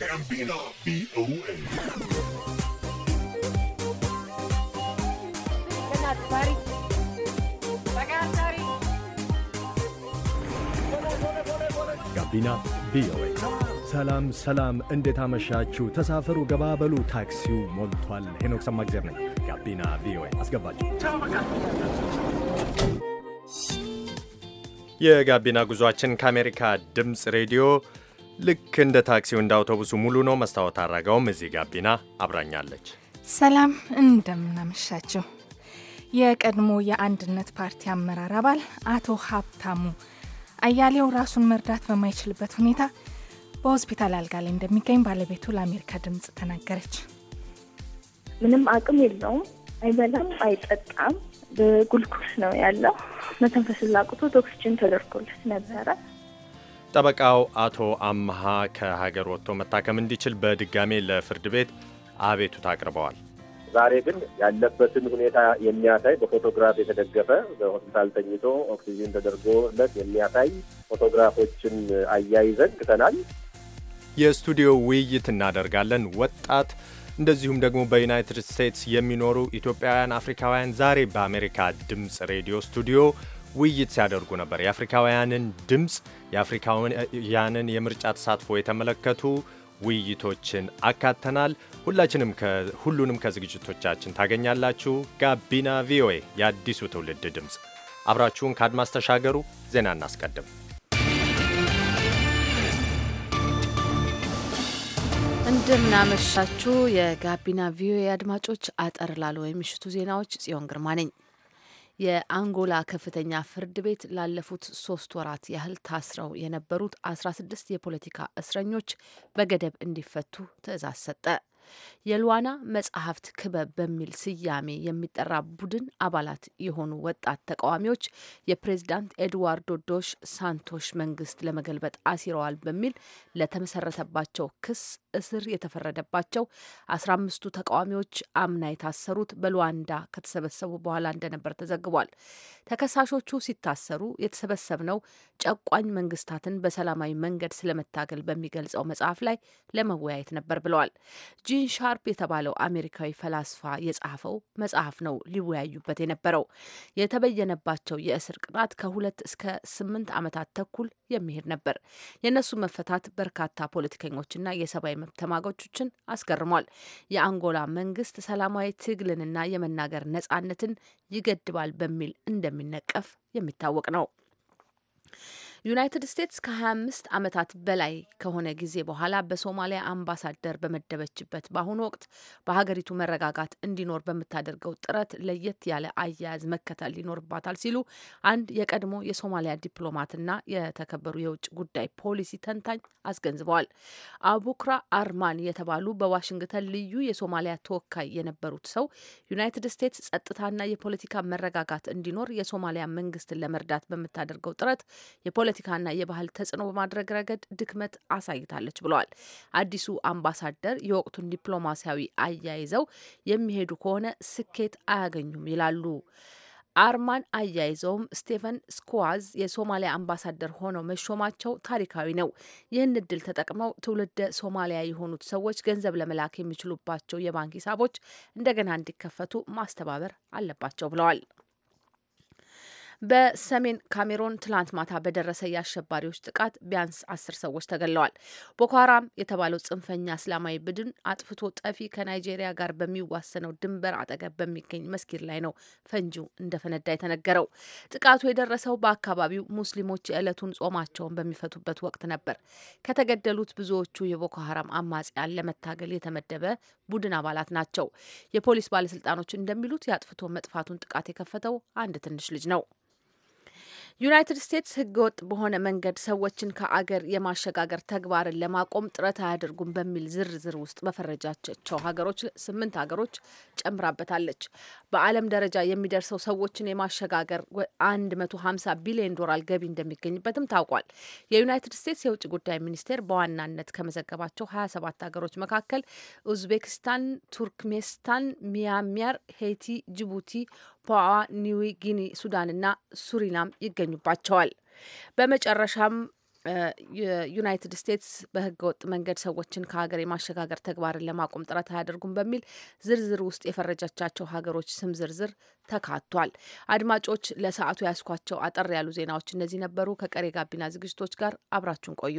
ጋቢና ቪኦኤ ጋቢና ቪኦኤ። ሰላም ሰላም፣ እንዴት አመሻችሁ? ተሳፈሩ፣ በሉ፣ ታክሲው ሞልቷል። ሄኖክ ሰማግዜር ነኝ። ጋቢና ቪኦኤ አስገባችሁ። የጋቢና ጉዟችን ከአሜሪካ ድምፅ ሬዲዮ ልክ እንደ ታክሲው እንደ አውቶቡሱ ሙሉ ነው። መስታወት አድረገውም እዚህ ጋቢና አብራኛለች። ሰላም እንደምናመሻችሁ። የቀድሞ የአንድነት ፓርቲ አመራር አባል አቶ ሀብታሙ አያሌው ራሱን መርዳት በማይችልበት ሁኔታ በሆስፒታል አልጋ ላይ እንደሚገኝ ባለቤቱ ለአሜሪካ ድምፅ ተናገረች። ምንም አቅም የለውም። አይበላም፣ አይጠጣም። በጉልኮስ ነው ያለው። መተንፈስ ላቅቶት ኦክስጅን ተደርጎለት ነበረ። ጠበቃው አቶ አምሃ ከሀገር ወጥቶ መታከም እንዲችል በድጋሜ ለፍርድ ቤት አቤቱታ አቅርበዋል። ዛሬ ግን ያለበትን ሁኔታ የሚያሳይ በፎቶግራፍ የተደገፈ በሆስፒታል ተኝቶ ኦክሲጂን ተደርጎለት የሚያሳይ ፎቶግራፎችን አያይዘን ክተናል። የስቱዲዮ ውይይት እናደርጋለን። ወጣት እንደዚሁም ደግሞ በዩናይትድ ስቴትስ የሚኖሩ ኢትዮጵያውያን አፍሪካውያን ዛሬ በአሜሪካ ድምፅ ሬዲዮ ስቱዲዮ ውይይት ሲያደርጉ ነበር። የአፍሪካውያንን ድምፅ፣ የአፍሪካውያንን የምርጫ ተሳትፎ የተመለከቱ ውይይቶችን አካተናል። ሁላችንም ሁሉንም ከዝግጅቶቻችን ታገኛላችሁ። ጋቢና ቪኦኤ የአዲሱ ትውልድ ድምፅ፣ አብራችሁን ከአድማስ ተሻገሩ። ዜና እናስቀድም። እንደምናመሻችሁ የጋቢና ቪኦኤ አድማጮች፣ አጠር ላሉ የምሽቱ ዜናዎች ጽዮን ግርማ ነኝ። የአንጎላ ከፍተኛ ፍርድ ቤት ላለፉት ሶስት ወራት ያህል ታስረው የነበሩት አስራ ስድስት የፖለቲካ እስረኞች በገደብ እንዲፈቱ ትዕዛዝ ሰጠ። የልዋና መጽሐፍት ክበብ በሚል ስያሜ የሚጠራ ቡድን አባላት የሆኑ ወጣት ተቃዋሚዎች የፕሬዝዳንት ኤድዋርዶ ዶሽ ሳንቶሽ መንግስት ለመገልበጥ አሲረዋል በሚል ለተመሰረተባቸው ክስ እስር የተፈረደባቸው አስራ አምስቱ ተቃዋሚዎች አምና የታሰሩት በሉዋንዳ ከተሰበሰቡ በኋላ እንደነበር ተዘግቧል። ተከሳሾቹ ሲታሰሩ የተሰበሰብነው ጨቋኝ መንግስታትን በሰላማዊ መንገድ ስለመታገል በሚገልጸው መጽሐፍ ላይ ለመወያየት ነበር ብለዋል። ጂን ሻርፕ የተባለው አሜሪካዊ ፈላስፋ የጻፈው መጽሐፍ ነው ሊወያዩበት የነበረው። የተበየነባቸው የእስር ቅጣት ከሁለት እስከ ስምንት ዓመታት ተኩል የሚሄድ ነበር። የእነሱ መፈታት በርካታ ፖለቲከኞችና የሰብአዊ መብት ተማጋቾችን አስገርሟል። የአንጎላ መንግስት ሰላማዊ ትግልንና የመናገር ነጻነትን ይገድባል በሚል እንደሚነቀፍ የሚታወቅ ነው። ዩናይትድ ስቴትስ ከ25 ዓመታት በላይ ከሆነ ጊዜ በኋላ በሶማሊያ አምባሳደር በመደበችበት በአሁኑ ወቅት በሀገሪቱ መረጋጋት እንዲኖር በምታደርገው ጥረት ለየት ያለ አያያዝ መከተል ይኖርባታል ሲሉ አንድ የቀድሞ የሶማሊያ ዲፕሎማትና የተከበሩ የውጭ ጉዳይ ፖሊሲ ተንታኝ አስገንዝበዋል። አቡክራ አርማን የተባሉ በዋሽንግተን ልዩ የሶማሊያ ተወካይ የነበሩት ሰው ዩናይትድ ስቴትስ ጸጥታና የፖለቲካ መረጋጋት እንዲኖር የሶማሊያ መንግስትን ለመርዳት በምታደርገው ጥረት የፖለቲካና የባህል ተጽዕኖ በማድረግ ረገድ ድክመት አሳይታለች ብለዋል። አዲሱ አምባሳደር የወቅቱን ዲፕሎማሲያዊ አያይዘው የሚሄዱ ከሆነ ስኬት አያገኙም ይላሉ። አርማን አያይዘውም ስቴፈን ስኩዋዝ የሶማሊያ አምባሳደር ሆነው መሾማቸው ታሪካዊ ነው። ይህን እድል ተጠቅመው ትውልደ ሶማሊያ የሆኑት ሰዎች ገንዘብ ለመላክ የሚችሉባቸው የባንክ ሂሳቦች እንደገና እንዲከፈቱ ማስተባበር አለባቸው ብለዋል። በሰሜን ካሜሮን ትላንት ማታ በደረሰ የአሸባሪዎች ጥቃት ቢያንስ አስር ሰዎች ተገለዋል። ቦኮ ሀራም የተባለው ጽንፈኛ እስላማዊ ቡድን አጥፍቶ ጠፊ ከናይጄሪያ ጋር በሚዋሰነው ድንበር አጠገብ በሚገኝ መስጊድ ላይ ነው ፈንጂው እንደፈነዳ የተነገረው። ጥቃቱ የደረሰው በአካባቢው ሙስሊሞች የዕለቱን ጾማቸውን በሚፈቱበት ወቅት ነበር። ከተገደሉት ብዙዎቹ የቦኮ ሀራም አማጽያን ለመታገል የተመደበ ቡድን አባላት ናቸው። የፖሊስ ባለስልጣኖች እንደሚሉት የአጥፍቶ መጥፋቱን ጥቃት የከፈተው አንድ ትንሽ ልጅ ነው። ዩናይትድ ስቴትስ ህገወጥ በሆነ መንገድ ሰዎችን ከአገር የማሸጋገር ተግባርን ለማቆም ጥረት አያደርጉም በሚል ዝርዝር ውስጥ በፈረጃቸው ሀገሮች ስምንት ሀገሮች ጨምራበታለች። በዓለም ደረጃ የሚደርሰው ሰዎችን የማሸጋገር 150 ቢሊዮን ዶላር ገቢ እንደሚገኝበትም ታውቋል። የዩናይትድ ስቴትስ የውጭ ጉዳይ ሚኒስቴር በዋናነት ከመዘገባቸው 27 ሀገሮች መካከል ኡዝቤክስታን፣ ቱርክሜስታን፣ ሚያንማር፣ ሄይቲ፣ ጅቡቲ ፓፑዋ ኒው ጊኒ፣ ሱዳንና ሱሪናም ይገኙባቸዋል። በመጨረሻም የዩናይትድ ስቴትስ በህገ ወጥ መንገድ ሰዎችን ከሀገር የማሸጋገር ተግባርን ለማቆም ጥረት አያደርጉም በሚል ዝርዝር ውስጥ የፈረጃቻቸው ሀገሮች ስም ዝርዝር ተካቷል። አድማጮች፣ ለሰዓቱ ያስኳቸው አጠር ያሉ ዜናዎች እነዚህ ነበሩ። ከቀሪ ጋቢና ዝግጅቶች ጋር አብራችሁን ቆዩ።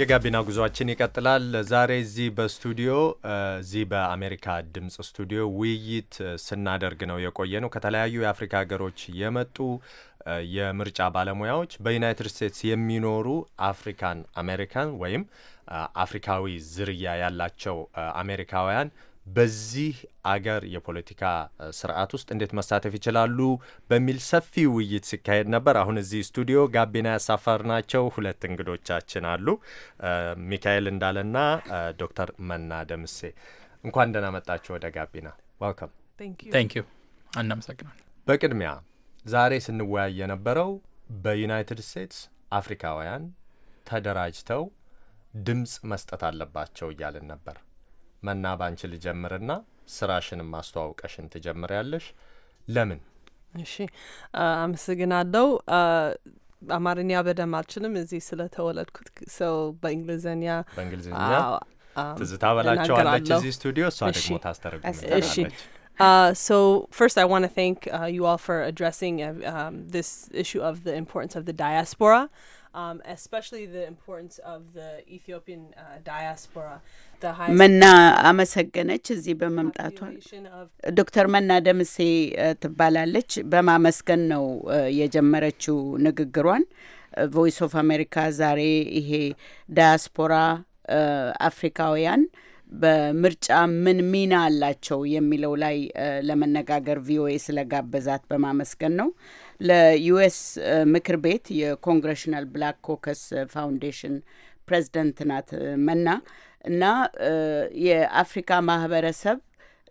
የጋቢና ጉዟችን ይቀጥላል። ዛሬ እዚህ በስቱዲዮ እዚህ በአሜሪካ ድምፅ ስቱዲዮ ውይይት ስናደርግ ነው የቆየ ነው። ከተለያዩ የአፍሪካ ሀገሮች የመጡ የምርጫ ባለሙያዎች በዩናይትድ ስቴትስ የሚኖሩ አፍሪካን አሜሪካን ወይም አፍሪካዊ ዝርያ ያላቸው አሜሪካውያን በዚህ አገር የፖለቲካ ስርዓት ውስጥ እንዴት መሳተፍ ይችላሉ በሚል ሰፊ ውይይት ሲካሄድ ነበር። አሁን እዚህ ስቱዲዮ ጋቢና ያሳፈር ናቸው ሁለት እንግዶቻችን አሉ። ሚካኤል እንዳለና ዶክተር መና ደምሴ እንኳን ደህና መጣችሁ ወደ ጋቢና ዋልካም። ቴንክዩ እናመሰግናል። በቅድሚያ ዛሬ ስንወያይ የነበረው በዩናይትድ ስቴትስ አፍሪካውያን ተደራጅተው ድምፅ መስጠት አለባቸው እያልን ነበር። መናባንች ልጀምርና ስራሽንም ማስተዋወቀሽን ትጀምሪያለሽ። ለምን? እሺ፣ አመሰግናለሁ። አማርኛ በደንብ አልችልም። እዚህ ስለተወለድኩት ሰው በእንግሊዝኛ በእንግሊዝኛ ትዝታ በላቸዋለች እዚህ ስቱዲዮ እሷ ደግሞ ታስተረጉማለች። Uh, so first, I want to thank uh, you all for addressing uh, um, this issue of the importance of the diaspora. Um, uh, መና አመሰገነች እዚህ በመምጣቷ። ዶክተር መና ደምሴ ትባላለች። በማመስገን ነው የጀመረችው ንግግሯን። ቮይስ ኦፍ አሜሪካ ዛሬ ይሄ ዳያስፖራ አፍሪካውያን በምርጫ ምን ሚና አላቸው የሚለው ላይ ለመነጋገር ቪኦኤ ስለጋበዛት በማመስገን ነው። ለዩኤስ ምክር ቤት የኮንግሬሽናል ብላክ ኮከስ ፋውንዴሽን ፕሬዚደንት ናት መና እና የአፍሪካ ማህበረሰብ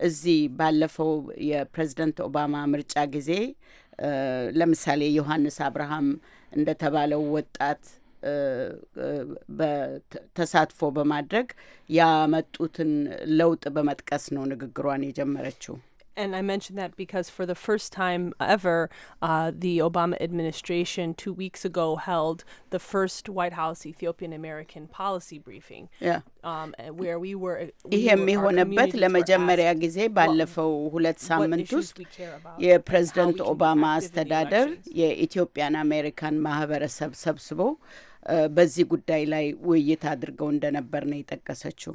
እዚህ ባለፈው የፕሬዝደንት ኦባማ ምርጫ ጊዜ ለምሳሌ ዮሐንስ አብርሃም እንደተባለው ወጣት ተሳትፎ በማድረግ ያመጡትን ለውጥ በመጥቀስ ነው ንግግሯን የጀመረችው። And I mentioned that because for the first time ever, uh, the Obama administration two weeks ago held the first White House Ethiopian American policy briefing. Yeah. Um, where we were. ይሄ የሚሆነበት ለመጀመሪያ ጊዜ ባለፈው ሁለት ሳምንት ውስጥ የፕሬዝደንት ኦባማ አስተዳደር የኢትዮጵያን አሜሪካን ማህበረሰብ ሰብስቦ በዚህ ጉዳይ ላይ ውይይት አድርገው እንደነበር ነው የጠቀሰችው።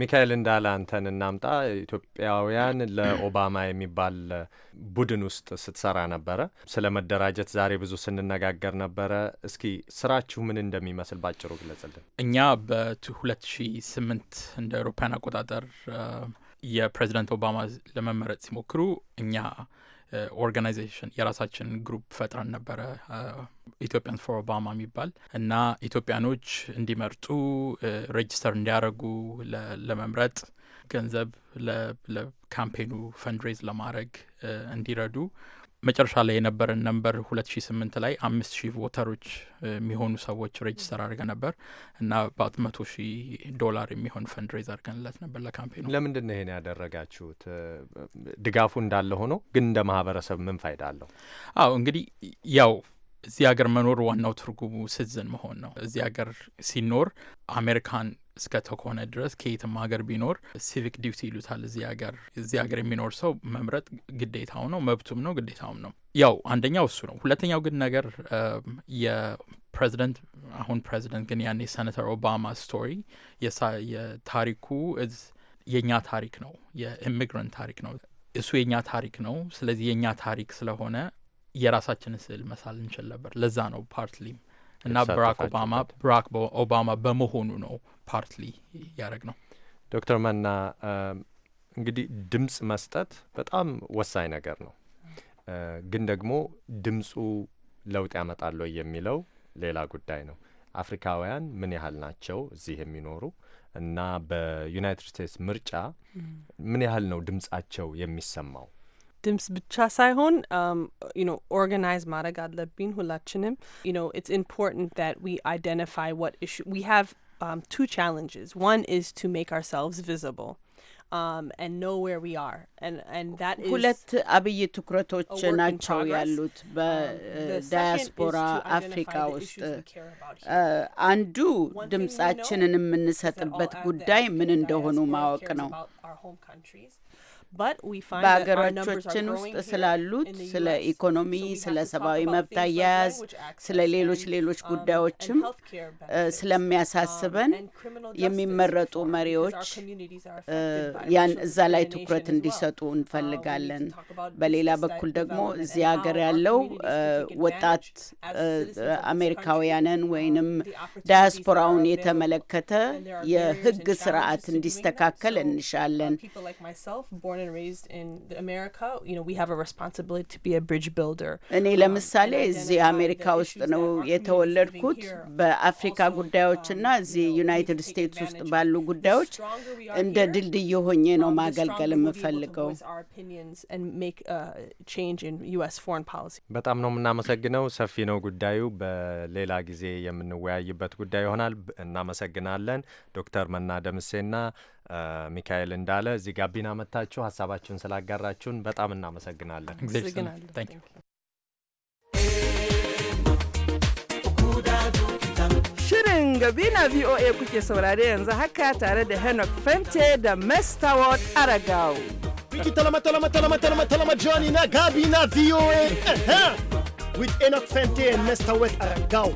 ሚካኤል እንዳለ አንተን እናምጣ። ኢትዮጵያውያን ለኦባማ የሚባል ቡድን ውስጥ ስትሰራ ነበረ። ስለ መደራጀት ዛሬ ብዙ ስንነጋገር ነበረ። እስኪ ስራችሁ ምን እንደሚመስል ባጭሩ ግለጽልን። እኛ በ2008 እንደ አውሮፓውያን አቆጣጠር የፕሬዚዳንት ኦባማ ለመመረጥ ሲሞክሩ እኛ ኦርጋናይዜሽን የራሳችን ግሩፕ ፈጥረን ነበረ ኢትዮጵያን ፎር ኦባማ የሚባል እና ኢትዮጵያኖች እንዲመርጡ ሬጅስተር እንዲያደርጉ ለመምረጥ ገንዘብ ለካምፔኑ ፈንድሬዝ ለማድረግ እንዲረዱ መጨረሻ ላይ የነበረን ነንበር ሁለት ሺ ስምንት ላይ አምስት ሺህ ቮተሮች የሚሆኑ ሰዎች ሬጅስተር አድርገ ነበር እና በአት መቶ ሺህ ዶላር የሚሆን ፈንድ ሬዝ አድርገንለት ነበር ለካምፔኑ። ለምንድን ነው ይሄን ያደረጋችሁት? ድጋፉ እንዳለ ሆኖ ግን እንደ ማህበረሰብ ምን ፋይዳ አለው? አዎ እንግዲህ ያው እዚህ ሀገር መኖር ዋናው ትርጉሙ ስዝን መሆን ነው። እዚህ ሀገር ሲኖር አሜሪካን እስከ ተኮነ ድረስ ከየትም ሀገር ቢኖር ሲቪክ ዲዩቲ ይሉታል እዚህ ሀገር እዚህ ሀገር የሚኖር ሰው መምረጥ ግዴታው ነው፣ መብቱም ነው፣ ግዴታውም ነው። ያው አንደኛው እሱ ነው። ሁለተኛው ግን ነገር የፕሬዚደንት አሁን ፕሬዚደንት ግን ያኔ ሰነተር ኦባማ ስቶሪ የታሪኩ የእኛ ታሪክ ነው፣ የኢሚግራንት ታሪክ ነው። እሱ የእኛ ታሪክ ነው። ስለዚህ የእኛ ታሪክ ስለሆነ የራሳችንን ስዕል መሳል እንችል ነበር። ለዛ ነው ፓርትሊም እና ብራክ ኦባማ ብራክ ኦባማ በመሆኑ ነው ፓርትሊ ያደረግ ነው። ዶክተር መና እንግዲህ ድምፅ መስጠት በጣም ወሳኝ ነገር ነው። ግን ደግሞ ድምፁ ለውጥ ያመጣል የሚለው ሌላ ጉዳይ ነው። አፍሪካውያን ምን ያህል ናቸው እዚህ የሚኖሩ እና በዩናይትድ ስቴትስ ምርጫ ምን ያህል ነው ድምጻቸው የሚሰማው? ድምፅ ብቻ ሳይሆን um, you know organize ማድረግ አለብን ሁላችንም you know it's important that we identify what issue we have um, two challenges one is to make ourselves visible um, and know where we are and and that is ሁለት አብይ ትኩረቶች ናቸው ያሉት በዳያስፖራ አፍሪካ um, uh, ውስጥ uh, አንዱ ድምጻችንን የምንሰጥበት ጉዳይ ምን እንደሆኑ ማወቅ ነው በሀገሮቻችን ውስጥ ስላሉት ስለ ኢኮኖሚ፣ ስለ ሰብአዊ መብት አያያዝ፣ ስለ ሌሎች ሌሎች um, ጉዳዮችም uh, um, ስለሚያሳስበን የሚመረጡ መሪዎች uh, ያን እዛ ላይ ትኩረት እንዲሰጡ uh, እንፈልጋለን። በሌላ በኩል ደግሞ እዚህ ሀገር ያለው ወጣት አሜሪካውያንን um, ወይንም ዳያስፖራውን የተመለከተ የህግ ስርዓት እንዲስተካከል እንሻለን። and raised in America, you know, we have a responsibility to be a bridge builder. እኔ um, ለምሳሌ እዚህ አሜሪካ ውስጥ ነው የተወለድኩት። በአፍሪካ ጉዳዮችና um, እዚህ ዩናይትድ ስቴትስ ውስጥ ባሉ ጉዳዮች እንደ ድልድይ ሆኜ ነው ማገልገል የምፈልገው። uh, በጣም ነው የምናመሰግነው። ሰፊ ነው ጉዳዩ፣ በሌላ ጊዜ የምንወያይበት ጉዳይ ይሆናል። እናመሰግናለን ዶክተር መና ደምሴና ሚካኤል እንዳለ እዚህ ጋቢና መታችሁ ሀሳባችሁን ስላጋራችሁን በጣም እናመሰግናለን። Shirin Gabina VOA kuke saurare yanzu haka tare da Enoch Fente da Mestaward Aragao. Wiki talama talama talama talama talama Johnny na Gabina VOA. With Enoch Fente and Mestaward Aragao.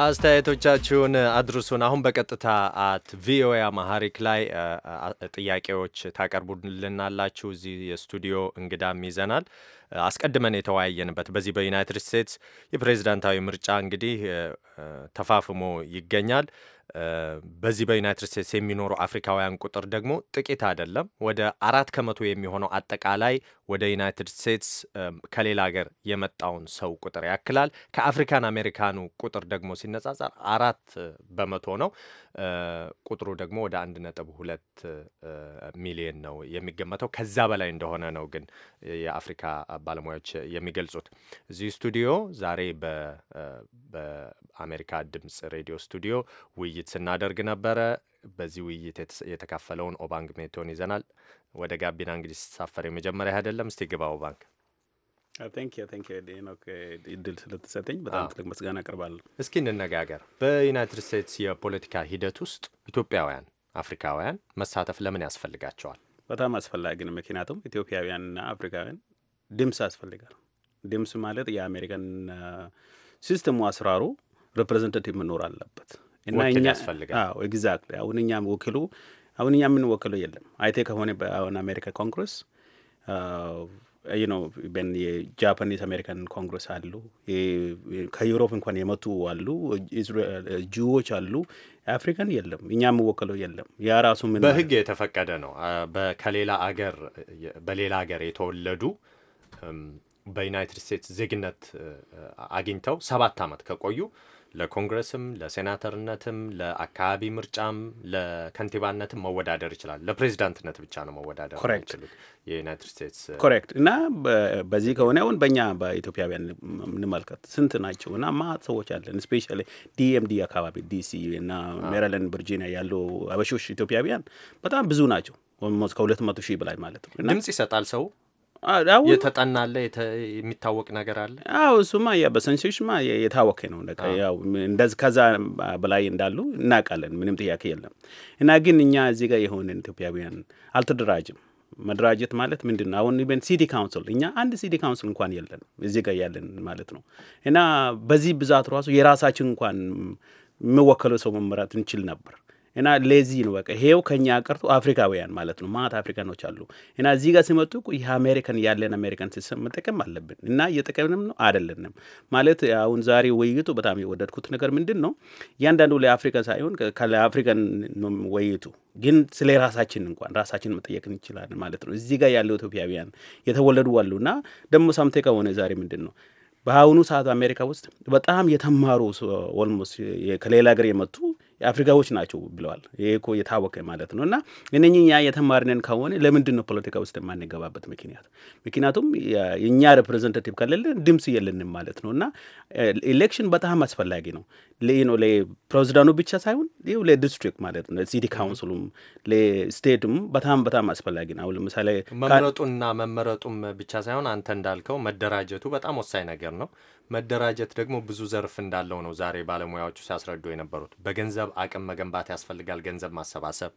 አስተያየቶቻችሁን አድርሱን። አሁን በቀጥታ አት ቪኦኤ አማሐሪክ ላይ ጥያቄዎች ታቀርቡልናላችሁ። እዚህ የስቱዲዮ እንግዳም ይዘናል። አስቀድመን የተወያየንበት በዚህ በዩናይትድ ስቴትስ የፕሬዚዳንታዊ ምርጫ እንግዲህ ተፋፍሞ ይገኛል። በዚህ በዩናይትድ ስቴትስ የሚኖሩ አፍሪካውያን ቁጥር ደግሞ ጥቂት አይደለም። ወደ አራት ከመቶ የሚሆነው አጠቃላይ ወደ ዩናይትድ ስቴትስ ከሌላ ሀገር የመጣውን ሰው ቁጥር ያክላል። ከአፍሪካን አሜሪካኑ ቁጥር ደግሞ ሲነጻጸር አራት በመቶ ነው። ቁጥሩ ደግሞ ወደ አንድ ነጥብ ሁለት ሚሊዮን ነው የሚገመተው። ከዛ በላይ እንደሆነ ነው ግን የአፍሪካ ባለሙያዎች የሚገልጹት። እዚህ ስቱዲዮ ዛሬ አሜሪካ ድምፅ ሬዲዮ ስቱዲዮ ውይይት ስናደርግ ነበረ። በዚህ ውይይት የተካፈለውን ኦባንግ ሜቶን ይዘናል። ወደ ጋቢና እንግዲህ ሲሳፈር የመጀመሪያ አይደለም። እስቲ ግባ ኦባንግ። uh, እድል ስለተሰጠኝ በጣም ትልቅ ምስጋና አቀርባለሁ። እስኪ እንነጋገር። በዩናይትድ ስቴትስ የፖለቲካ ሂደት ውስጥ ኢትዮጵያውያን አፍሪካውያን መሳተፍ ለምን ያስፈልጋቸዋል? በጣም አስፈላጊ ነው። ምክንያቱም ኢትዮጵያውያንና አፍሪካውያን ድምፅ ያስፈልጋል። ድምፅ ማለት የአሜሪካን uh, ሲስተሙ አስራሩ ሪፕሬዘንታቲቭ መኖር አለበት እና ኤግዛክትሊ አሁን እኛ ወኪሉ አሁን እኛ የምንወክለው የለም። አይቴ ከሆነ አሁን አሜሪካ ኮንግረስ ነው የጃፓኒስ አሜሪካን ኮንግረስ አሉ። ከዩሮፕ እንኳን የመጡ አሉ። ጅዎች አሉ። አፍሪካን የለም። እኛ የምወክለው የለም። ያ ራሱ ምን በህግ የተፈቀደ ነው። ከሌላ አገር በሌላ አገር የተወለዱ በዩናይትድ ስቴትስ ዜግነት አግኝተው ሰባት አመት ከቆዩ ለኮንግረስም ለሴናተርነትም ለአካባቢ ምርጫም ለከንቲባነትም መወዳደር ይችላል። ለፕሬዚዳንትነት ብቻ ነው መወዳደር የሚችሉት የዩናይትድ ስቴትስ ኮሬክት። እና በዚህ ከሆነ አሁን በእኛ በኢትዮጵያውያን እንመልከት ስንት ናቸው እና ማ ሰዎች አለን ስፔሻሊ ዲኤምዲ አካባቢ ዲሲ እና ሜሪላንድ፣ ቨርጂኒያ ያሉ አበሾች ኢትዮጵያውያን በጣም ብዙ ናቸው። ከሁለት መቶ ሺህ በላይ ማለት ነው። ድምጽ ይሰጣል ሰው የተጠናለ የሚታወቅ ነገር አለ። አዎ እሱማ ያ በሰንሴሽማ የታወቀ ነው። ያው እንደዚ ከዛ በላይ እንዳሉ እናውቃለን። ምንም ጥያቄ የለም። እና ግን እኛ እዚህ ጋር የሆነን ኢትዮጵያውያን አልተደራጅም። መደራጀት ማለት ምንድን ነው? አሁን ኢቨን ሲቲ ካውንስል እኛ አንድ ሲቲ ካውንስል እንኳን የለን እዚህ ጋር ያለን ማለት ነው። እና በዚህ ብዛት ራሱ የራሳችን እንኳን የሚወከለው ሰው መመራት እንችል ነበር። እና ለዚህ ነው በቃ ይሄው ከኛ ቀርቶ አፍሪካውያን ማለት ነው ማት አፍሪካኖች አሉ እና እዚህ ጋር ሲመጡ ይህ አሜሪካን ያለን አሜሪካን ሲስተም መጠቀም አለብን እና እየጠቀምንም ነው አይደለንም ማለት አሁን ዛሬ ውይይቱ በጣም የወደድኩት ነገር ምንድን ነው እያንዳንዱ ለአፍሪካ ሳይሆን ለአፍሪካን ውይይቱ ግን ስለ ራሳችን እንኳን ራሳችን መጠየቅ እንችላለን ማለት ነው እዚህ ጋር ያለው ኢትዮጵያውያን የተወለዱ እና ደግሞ ሳምቴ ከሆነ ዛሬ ምንድን ነው በአሁኑ ሰዓት አሜሪካ ውስጥ በጣም የተማሩ ኦልሞስት ከሌላ ሀገር የመጡ አፍሪካዎች ናቸው ብለዋል። ይሄ እኮ የታወቀ ማለት ነው። እና እነኚህ እኛ የተማርነን ከሆነ ለምንድን ነው ፖለቲካ ውስጥ የማንገባበት ምክንያት? ምክንያቱም የእኛ ሪፕሬዘንታቲቭ ከሌለን ድምፅ የለንም ማለት ነው። እና ኤሌክሽን በጣም አስፈላጊ ነው። ለፕሬዚዳንቱ ብቻ ሳይሆን ለዲስትሪክት ማለት ነው፣ ሲቲ ካውንስሉም ለስቴትም በጣም በጣም አስፈላጊ ነው። አሁን ለምሳሌ መምረጡና መመረጡም ብቻ ሳይሆን አንተ እንዳልከው መደራጀቱ በጣም ወሳኝ ነገር ነው። መደራጀት ደግሞ ብዙ ዘርፍ እንዳለው ነው ዛሬ ባለሙያዎቹ ሲያስረዱ የነበሩት። በገንዘብ አቅም መገንባት ያስፈልጋል፣ ገንዘብ ማሰባሰብ።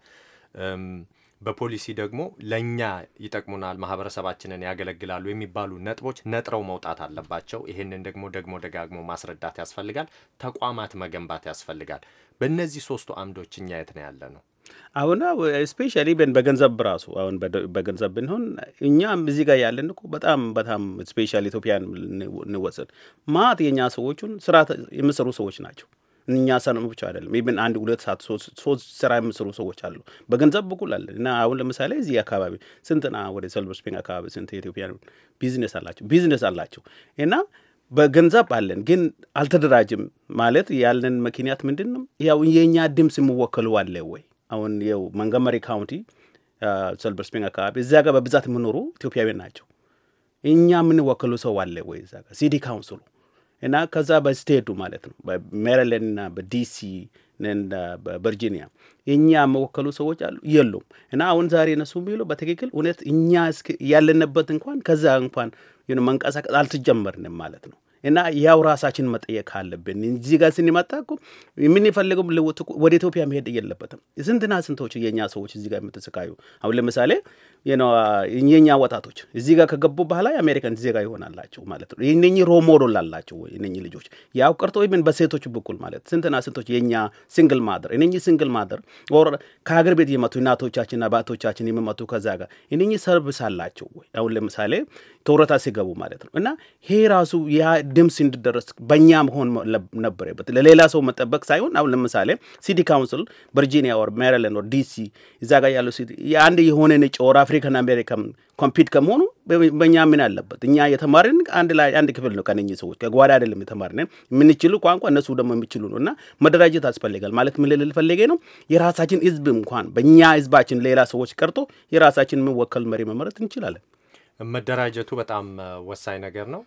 በፖሊሲ ደግሞ ለእኛ ይጠቅሙናል፣ ማህበረሰባችንን ያገለግላሉ የሚባሉ ነጥቦች ነጥረው መውጣት አለባቸው። ይህንን ደግሞ ደግሞ ደጋግሞ ማስረዳት ያስፈልጋል። ተቋማት መገንባት ያስፈልጋል። በእነዚህ ሶስቱ አምዶች እኛ የት ነው ያለ ነው? አሁን ስፔሻሊ ብን በገንዘብ ራሱ አሁን በገንዘብ ብንሆን እኛም እዚህ ጋር ያለን እኮ በጣም በጣም ስፔሻሊ ኢትዮጵያን እንወሰድ ማት የእኛ ሰዎቹን ስራ የሚሰሩ ሰዎች ናቸው። እኛ ሰነም ብቻ አይደለም። ኢብን አንድ ሁለት ሰዓት ሶስት ስራ የሚሰሩ ሰዎች አሉ። በገንዘብ በኩል አለን እና አሁን ለምሳሌ እዚህ አካባቢ ስንትና ወደ ሰልቨር ስፕሪንግ አካባቢ ስንት ኢትዮጵያን ቢዝነስ አላቸው ቢዝነስ አላቸው እና በገንዘብ አለን ግን አልተደራጅም ማለት ያለን ምክንያት ምንድን ነው? ያው የእኛ ድምፅ የምወከሉ አለ ወይ አሁን የው መንገመሪ ካውንቲ ሰልበር ስፕሪንግ አካባቢ እዚያ ጋር በብዛት የምኖሩ ኢትዮጵያውያን ናቸው። እኛ የምንወክሉ ሰው አለ ወይ እዛ ጋር ሲቲ ካውንስሉ እና ከዛ በስቴቱ ማለት ነው በሜሪላንድና በዲሲ በቨርጂኒያ እኛ የምወከሉ ሰዎች አሉ የሉም። እና አሁን ዛሬ እነሱ የሚሉ በትክክል እውነት እኛ ያለንበት እንኳን ከዛ እንኳን መንቀሳቀስ አልተጀመርንም ማለት ነው። እና ያው ራሳችን መጠየቅ አለብን። እዚህ ጋር ስንመጣ እኮ የምንፈልገው ወደ ኢትዮጵያ መሄድ የለበትም። ስንትና ስንቶች የኛ ሰዎች እዚህ ጋር የምትስቃዩ አሁን ለምሳሌ የኛ ወጣቶች እዚህ ጋር ከገቡ በኋላ የአሜሪካን ዜጋ ይሆናላቸው ማለት ነው። እነኚህ ሮል ሞዴል አላቸው እነኚህ ልጆች። ያው ቀርቶ ምን በሴቶች በኩል ማለት ስንትና ስንቶች የኛ ሲንግል ማደር እነኚህ ሲንግል ማደር ከሀገር ቤት የመጡ እናቶቻችንና አባቶቻችን የሚመጡ ከዛ ጋር እነኚህ ሰርቪስ አላቸው ወይ አሁን ለምሳሌ ተውረታ ሲገቡ ማለት ነው። እና ይሄ ራሱ ያ ድምፅ እንድደረስ በእኛ መሆን ነበረበት፣ ለሌላ ሰው መጠበቅ ሳይሆን አሁን ለምሳሌ ሲቲ ካውንስል ቨርጂኒያ ወር ሜሪላንድ ወር ዲሲ እዛ ጋር ያለው ሲቲ አንድ የሆነ ነጭ ወር አፍሪካን አሜሪካን ኮምፒት ከመሆኑ በእኛ ምን አለበት? እኛ የተማርን አንድ ላይ አንድ ክፍል ነው ከነኝ ሰዎች ከጓዳ አይደለም የተማርን የምንችሉ ቋንቋ እነሱ ደግሞ የሚችሉ ነው እና መደራጀት አስፈልጋል ማለት ምን ልል ፈልጌ ነው የራሳችን ህዝብ እንኳን በእኛ ህዝባችን ሌላ ሰዎች ቀርቶ የራሳችን የምንወከል መሪ መመረጥ እንችላለን። መደራጀቱ በጣም ወሳኝ ነገር ነው።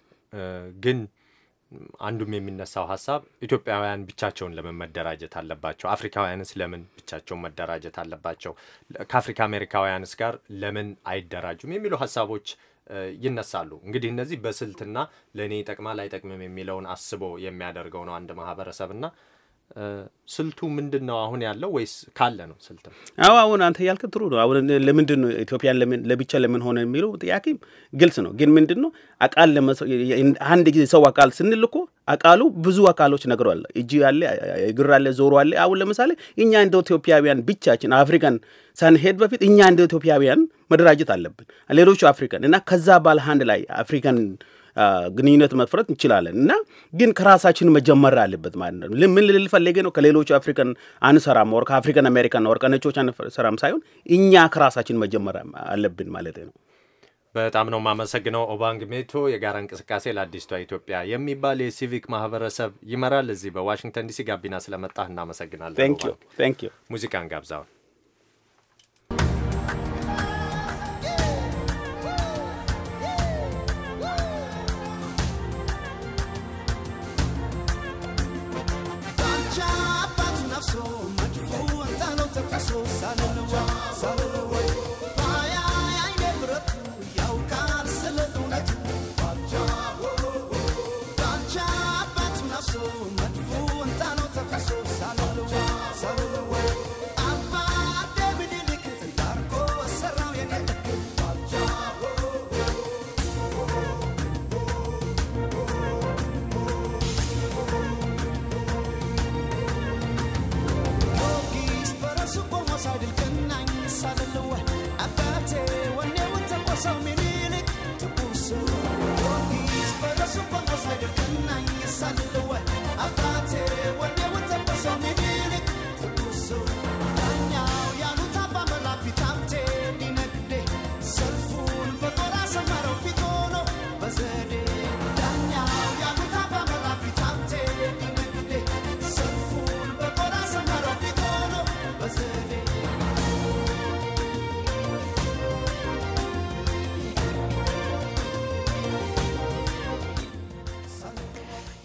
ግን አንዱም የሚነሳው ሀሳብ ኢትዮጵያውያን ብቻቸውን ለምን መደራጀት አለባቸው? አፍሪካውያንስ ለምን ብቻቸውን መደራጀት አለባቸው? ከአፍሪካ አሜሪካውያንስ ጋር ለምን አይደራጁም? የሚሉ ሀሳቦች ይነሳሉ። እንግዲህ እነዚህ በስልትና ለእኔ ይጠቅማል አይጠቅምም የሚለውን አስቦ የሚያደርገው ነው አንድ ማህበረሰብና ስልቱ ምንድን ነው አሁን ያለው ወይስ ካለ ነው ስልት? አዎ አሁን አንተ ያልክ ጥሩ ነው። አሁን ለምንድን ነው ኢትዮጵያን ለብቻ ለምን ሆነ የሚለው ጥያቄም ግልጽ ነው። ግን ምንድን ነው አቃል አንድ ጊዜ ሰው አቃል ስንል እኮ አቃሉ ብዙ አካሎች ነግረዋል። እጅ አለ፣ እግር አለ፣ ዞሮ አለ። አሁን ለምሳሌ እኛ እንደ ኢትዮጵያውያን ብቻችን አፍሪካን ሳንሄድ በፊት እኛ እንደ ኢትዮጵያውያን መደራጀት አለብን፣ ሌሎቹ አፍሪካን እና ከዛ ባለ አንድ ላይ አፍሪካን ግንኙነት መፍረት እንችላለን እና ግን ከራሳችን መጀመር አለበት ማለት ነው። ምን ልል ፈልጌ ነው? ከሌሎቹ አፍሪካን አንሰራም ወር ከአፍሪካን አሜሪካን ወር ከነጮች አንሰራም ሳይሆን እኛ ከራሳችን መጀመር አለብን ማለት ነው። በጣም ነው የማመሰግነው። ኦባንግ ሜቶ የጋራ እንቅስቃሴ ለአዲስቷ ኢትዮጵያ የሚባል የሲቪክ ማህበረሰብ ይመራል። እዚህ በዋሽንግተን ዲሲ ጋቢና ስለመጣህ እናመሰግናለን። ሙዚቃን ጋብዛውን sou sanelua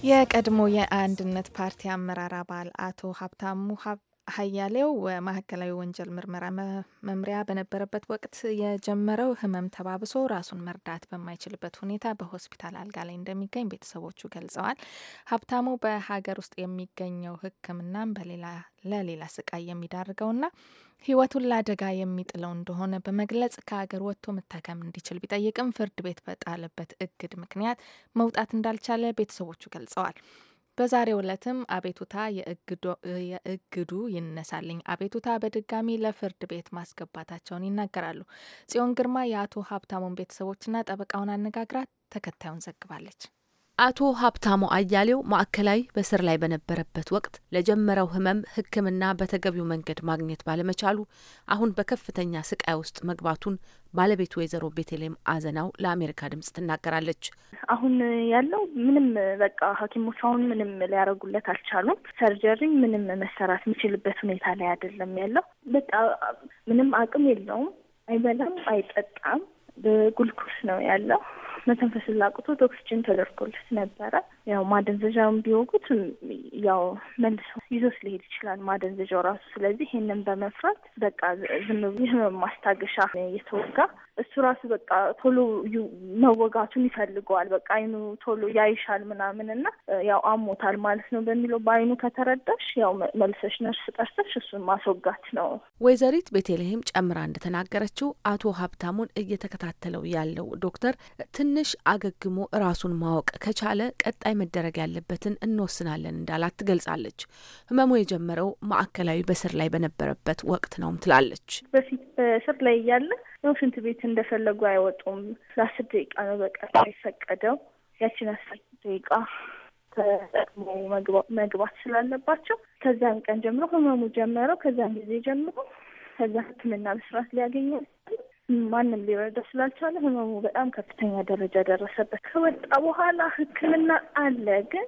የቀድሞ የአንድነት ፓርቲ አመራር አባል አቶ ሀብታሙ ሀያሌው ማዕከላዊ ወንጀል ምርመራ መምሪያ በነበረበት ወቅት የጀመረው ህመም ተባብሶ ራሱን መርዳት በማይችልበት ሁኔታ በሆስፒታል አልጋ ላይ እንደሚገኝ ቤተሰቦቹ ገልጸዋል። ሀብታሙ በሀገር ውስጥ የሚገኘው ሕክምናም በሌላ ለሌላ ስቃይ የሚዳርገውና ህይወቱን ለአደጋ የሚጥለው እንደሆነ በመግለጽ ከሀገር ወጥቶ መታከም እንዲችል ቢጠይቅም ፍርድ ቤት በጣለበት እግድ ምክንያት መውጣት እንዳልቻለ ቤተሰቦቹ ገልጸዋል። በዛሬው ዕለትም አቤቱታ የእግዱ ይነሳልኝ አቤቱታ በድጋሚ ለፍርድ ቤት ማስገባታቸውን ይናገራሉ። ጽዮን ግርማ የአቶ ሀብታሙን ቤተሰቦችና ጠበቃውን አነጋግራ ተከታዩን ዘግባለች። አቶ ሀብታሙ አያሌው ማዕከላዊ በስር ላይ በነበረበት ወቅት ለጀመረው ህመም ሕክምና በተገቢው መንገድ ማግኘት ባለመቻሉ አሁን በከፍተኛ ስቃይ ውስጥ መግባቱን ባለቤቱ ወይዘሮ ቤተልሔም አዘናው ለአሜሪካ ድምጽ ትናገራለች። አሁን ያለው ምንም በቃ ሐኪሞች አሁን ምንም ሊያደርጉለት አልቻሉም። ሰርጀሪ ምንም መሰራት የሚችልበት ሁኔታ ላይ አይደለም ያለው። በቃ ምንም አቅም የለውም። አይበላም፣ አይጠጣም። በጉልኮስ ነው ያለው መተንፈስ ላቅቶት ኦክስጅን ተደርጎለት ነበረ። ያው ማደንዘዣውን ቢወጉት ያው መልሶ ይዞት ሊሄድ ይችላል ማደንዘዣው ራሱ። ስለዚህ ይህንን በመፍራት በቃ ዝም ብሎ ማስታገሻ እየተወጋ እሱ ራሱ በቃ ቶሎ መወጋቱን ይፈልገዋል። በቃ አይኑ ቶሎ ያይሻል ምናምን እና ያው አሞታል ማለት ነው በሚለው በአይኑ ከተረዳሽ ያው መልሰሽ ነርስ ጠርሰሽ እሱን ማስወጋት ነው። ወይዘሪት ቤተልሔም ጨምራ እንደተናገረችው አቶ ሀብታሙን እየተከታተለው ያለው ዶክተር ትንሽ አገግሞ ራሱን ማወቅ ከቻለ ቀጣይ መደረግ ያለበትን እንወስናለን እንዳላት ትገልጻለች። ህመሙ የጀመረው ማዕከላዊ በስር ላይ በነበረበት ወቅት ነውም ትላለች። በፊት በስር ላይ እያለ ያው ሽንት ቤት እንደፈለጉ አይወጡም። ለአስር ደቂቃ ነው በቀን የፈቀደው። ያችን አስር ደቂቃ ተጠቅሞ መግባት ስላለባቸው ከዛን ቀን ጀምሮ ህመሙ ጀመረው። ከዛን ጊዜ ጀምሮ ከዛ ህክምና በስርዓት ሊያገኘ ማንም ሊረዳ ስላልቻለ ህመሙ በጣም ከፍተኛ ደረጃ ደረሰበት። ከወጣ በኋላ ህክምና አለ ግን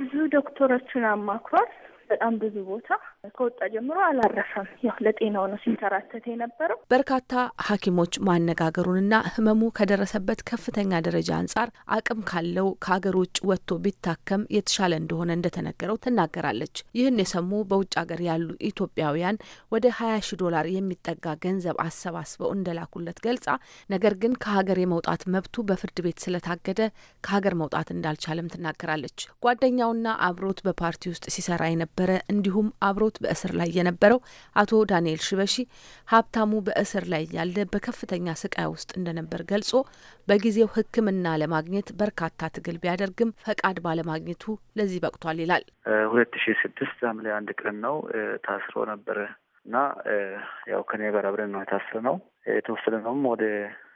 ብዙ ዶክተሮችን አማክሯል። በጣም ብዙ ቦታ ከወጣ ጀምሮ አላረፈም። ያው ለጤናው ነው ሲንከራተት የነበረው። በርካታ ሐኪሞች ማነጋገሩንና ህመሙ ከደረሰበት ከፍተኛ ደረጃ አንጻር አቅም ካለው ከሀገር ውጭ ወጥቶ ቢታከም የተሻለ እንደሆነ እንደተነገረው ትናገራለች። ይህን የሰሙ በውጭ ሀገር ያሉ ኢትዮጵያውያን ወደ ሀያ ሺ ዶላር የሚጠጋ ገንዘብ አሰባስበው እንደላኩለት ገልጻ፣ ነገር ግን ከሀገር የመውጣት መብቱ በፍርድ ቤት ስለታገደ ከሀገር መውጣት እንዳልቻለም ትናገራለች። ጓደኛውና አብሮት በፓርቲ ውስጥ ሲሰራ የነበረ እንዲሁም አብሮት በእስር ላይ የነበረው አቶ ዳንኤል ሽበሺ ሀብታሙ በእስር ላይ ያለ በከፍተኛ ስቃይ ውስጥ እንደነበር ገልጾ በጊዜው ሕክምና ለማግኘት በርካታ ትግል ቢያደርግም ፈቃድ ባለማግኘቱ ለዚህ በቅቷል ይላል። ሁለት ሺ ስድስት ሐምሌ አንድ ቀን ነው ታስሮ ነበረ እና ያው ከኔ ጋር አብረን ነው የታሰረ ነው የተወሰደ ነውም ወደ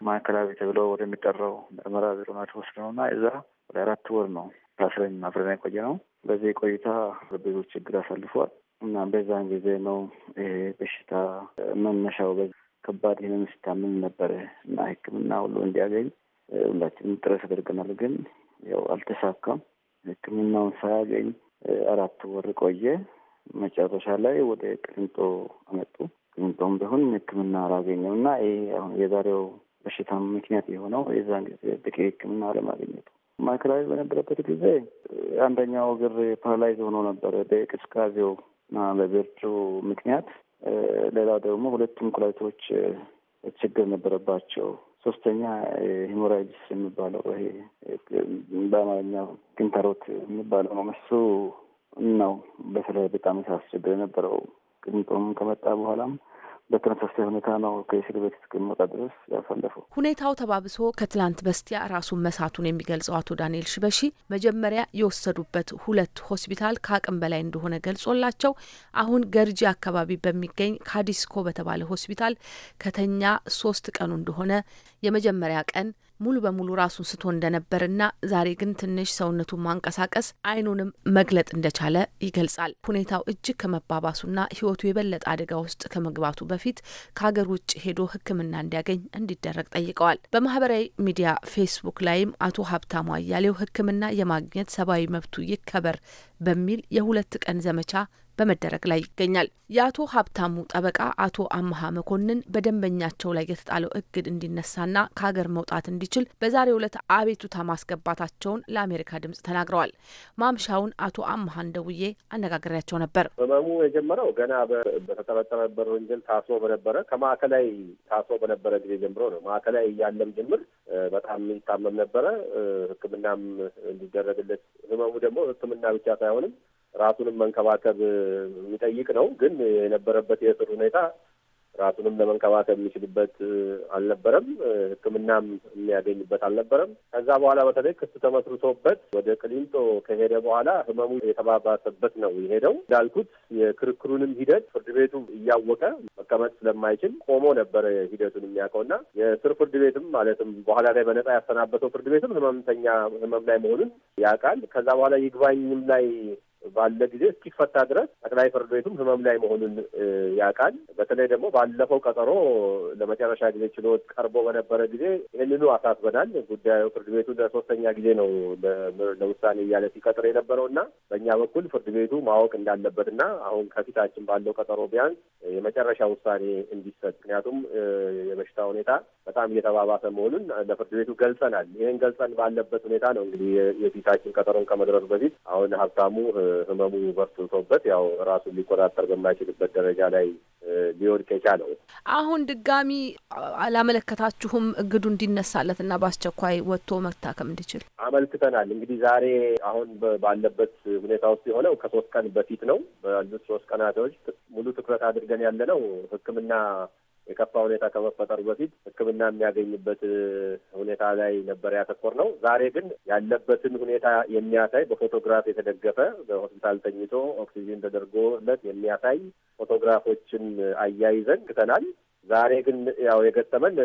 ማዕከላዊ ተብሎ ወደሚጠራው ምርመራ ቢሮ ነው የተወሰደነው እና እዛ ወደ አራት ወር ነው ታስረን አብረን የቆየ ነው። በዚህ ቆይታ ብዙ ችግር አሳልፏል እና በዛን ጊዜ ነው ይሄ በሽታ መነሻው ከባድ ህመም ሲታመም ነበረ እና ሕክምና ሁሉ እንዲያገኝ ሁላችንም ጥረት አድርገናል። ግን ያው አልተሳካም። ሕክምናውን ሳያገኝ አራት ወር ቆየ። መጨረሻ ላይ ወደ ቅሊንጦ አመጡ። ቅሊንጦም ቢሆን ሕክምና አላገኘው እና ይሄ አሁን የዛሬው በሽታ ምክንያት የሆነው የዛን ጊዜ በቂ ሕክምና አለማግኘቱ ማዕከላዊ በነበረበት ጊዜ አንደኛው እግር ፓራላይዝ ሆኖ ነበረ በቅዝቃዜው እና በብርዱ ምክንያት። ሌላው ደግሞ ሁለቱም ኩላሊቶች ችግር ነበረባቸው። ሶስተኛ ሂሞራይድስ የሚባለው ይሄ በአማርኛ ግንታሮት የሚባለው ነው። እሱ ነው በተለይ በጣም ያሳስብ የነበረው ቅንጦም ከመጣ በኋላም በተመሳሳይ ሁኔታ ነው ከእስር ቤት እስክመጣ ድረስ ያሳለፈው። ሁኔታው ተባብሶ ከትላንት በስቲያ ራሱን መሳቱን የሚገልጸው አቶ ዳንኤል ሽበሺ መጀመሪያ የወሰዱበት ሁለት ሆስፒታል ከአቅም በላይ እንደሆነ ገልጾላቸው አሁን ገርጂ አካባቢ በሚገኝ ካዲስኮ በተባለ ሆስፒታል ከተኛ ሶስት ቀኑ እንደሆነ የመጀመሪያ ቀን ሙሉ በሙሉ ራሱን ስቶ እንደነበርና ዛሬ ግን ትንሽ ሰውነቱን ማንቀሳቀስ አይኑንም መግለጥ እንደቻለ ይገልጻል። ሁኔታው እጅግ ከመባባሱና ሕይወቱ የበለጠ አደጋ ውስጥ ከመግባቱ በፊት ከሀገር ውጭ ሄዶ ሕክምና እንዲያገኝ እንዲደረግ ጠይቀዋል። በማህበራዊ ሚዲያ ፌስቡክ ላይም አቶ ሀብታሙ አያሌው ሕክምና የማግኘት ሰብአዊ መብቱ ይከበር በሚል የሁለት ቀን ዘመቻ በመደረግ ላይ ይገኛል። የአቶ ሀብታሙ ጠበቃ አቶ አምሀ መኮንን በደንበኛቸው ላይ የተጣለው እግድ እንዲነሳና ከሀገር መውጣት እንዲችል በዛሬው ዕለት አቤቱታ ማስገባታቸውን ለአሜሪካ ድምጽ ተናግረዋል። ማምሻውን አቶ አምሀ እንደውዬ አነጋግሬያቸው ነበር። ህመሙ የጀመረው ገና በተጠረጠረበት ወንጀል ታስሮ በነበረ ከማዕከላዊ ታስሮ በነበረ ጊዜ ጀምሮ ነው። ማዕከላዊ እያለም ጀምር በጣም ይታመም ነበረ። ሕክምናም እንዲደረግለት ህመሙ ደግሞ ሕክምና ብቻ ሳይሆንም ራሱንም መንከባከብ የሚጠይቅ ነው። ግን የነበረበት የእስር ሁኔታ ራሱንም ለመንከባከብ የሚችልበት አልነበረም። ሕክምናም የሚያገኝበት አልነበረም። ከዛ በኋላ በተለይ ክስ ተመስርቶበት ወደ ቅሊንጦ ከሄደ በኋላ ህመሙ የተባባሰበት ነው የሄደው። እንዳልኩት የክርክሩንም ሂደት ፍርድ ቤቱ እያወቀ መቀመጥ ስለማይችል ቆሞ ነበረ ሂደቱን የሚያውቀውና የስር ፍርድ ቤትም ማለትም በኋላ ላይ በነጻ ያሰናበተው ፍርድ ቤትም ህመምተኛ ህመም ላይ መሆኑን ያውቃል። ከዛ በኋላ ይግባኝም ላይ ባለ ጊዜ እስኪፈታ ድረስ ጠቅላይ ፍርድ ቤቱም ህመም ላይ መሆኑን ያውቃል። በተለይ ደግሞ ባለፈው ቀጠሮ ለመጨረሻ ጊዜ ችሎት ቀርቦ በነበረ ጊዜ ይህንኑ አሳስበናል። ጉዳዩ ፍርድ ቤቱ ለሶስተኛ ጊዜ ነው ለውሳኔ እያለ ሲቀጥር የነበረው እና በእኛ በኩል ፍርድ ቤቱ ማወቅ እንዳለበት አሁን ከፊታችን ባለው ቀጠሮ ቢያንስ የመጨረሻ ውሳኔ እንዲሰጥ ምክንያቱም የበሽታ ሁኔታ በጣም እየተባባሰ መሆኑን ለፍርድ ቤቱ ገልጸናል። ይህን ገልጸን ባለበት ሁኔታ ነው እንግዲህ የፊታችን ቀጠሮን ከመድረሱ በፊት አሁን ሀብታሙ ህመሙ በርትቶበት ያው ራሱን ሊቆጣጠር በማይችልበት ደረጃ ላይ ሊወድቅ የቻለው። አሁን ድጋሚ አላመለከታችሁም? እግዱ እንዲነሳለት እና በአስቸኳይ ወጥቶ መታከም እንዲችል አመልክተናል። እንግዲህ ዛሬ አሁን ባለበት ሁኔታ ውስጥ የሆነው ከሶስት ቀን በፊት ነው። ባሉት ሶስት ቀናቶች ሙሉ ትኩረት አድርገን ያለ ነው ህክምና የከፋ ሁኔታ ከመፈጠሩ በፊት ሕክምና የሚያገኝበት ሁኔታ ላይ ነበር ያተኮር ነው። ዛሬ ግን ያለበትን ሁኔታ የሚያሳይ በፎቶግራፍ የተደገፈ በሆስፒታል ተኝቶ ኦክሲጂን ተደርጎለት የሚያሳይ ፎቶግራፎችን አያይዘን ክተናል። ዛሬ ግን ያው የገጠመን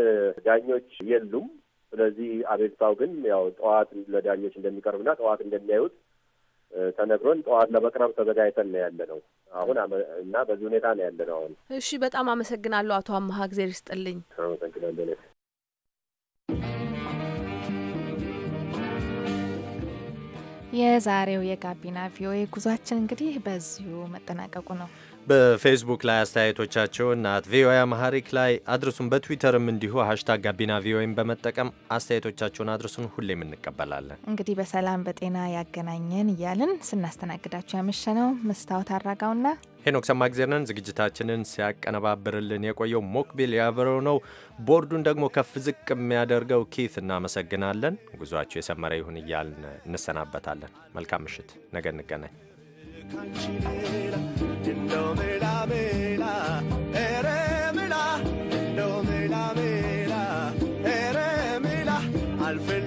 ዳኞች የሉም። ስለዚህ አቤቱታው ግን ያው ጠዋት ለዳኞች እንደሚቀርብና ጠዋት እንደሚያዩት ተነግሮን ጠዋት ለመቅረብ ተዘጋጅተን ነው ያለ ነው አሁን እና በዚህ ሁኔታ ነው ያለ ነው አሁን። እሺ፣ በጣም አመሰግናለሁ አቶ አመሀ እግዜር ይስጥልኝ። አመሰግናለሁ። የዛሬው የጋቢና ቪኦኤ ጉዟችን እንግዲህ በዚሁ መጠናቀቁ ነው። በፌስቡክ ላይ አስተያየቶቻቸውን ናት ቪኦኤ አማሐሪክ ላይ አድርሱን። በትዊተርም እንዲሁ ሀሽታግ ጋቢና ቪኦኤም በመጠቀም አስተያየቶቻቸውን አድርሱን። ሁሌም እንቀበላለን። እንግዲህ በሰላም በጤና ያገናኘን እያልን ስናስተናግዳቸው ያመሸነው መስታወት አራጋውና ሄኖክ ሰማ ሰማግዜርን ዝግጅታችንን ሲያቀነባብርልን የቆየው ሞክቢል ያብረው ነው። ቦርዱን ደግሞ ከፍ ዝቅ የሚያደርገው ኪት እናመሰግናለን። ጉዟችሁ የሰመረ ይሁን እያልን እንሰናበታለን። መልካም ምሽት፣ ነገ እንገናኝ። Al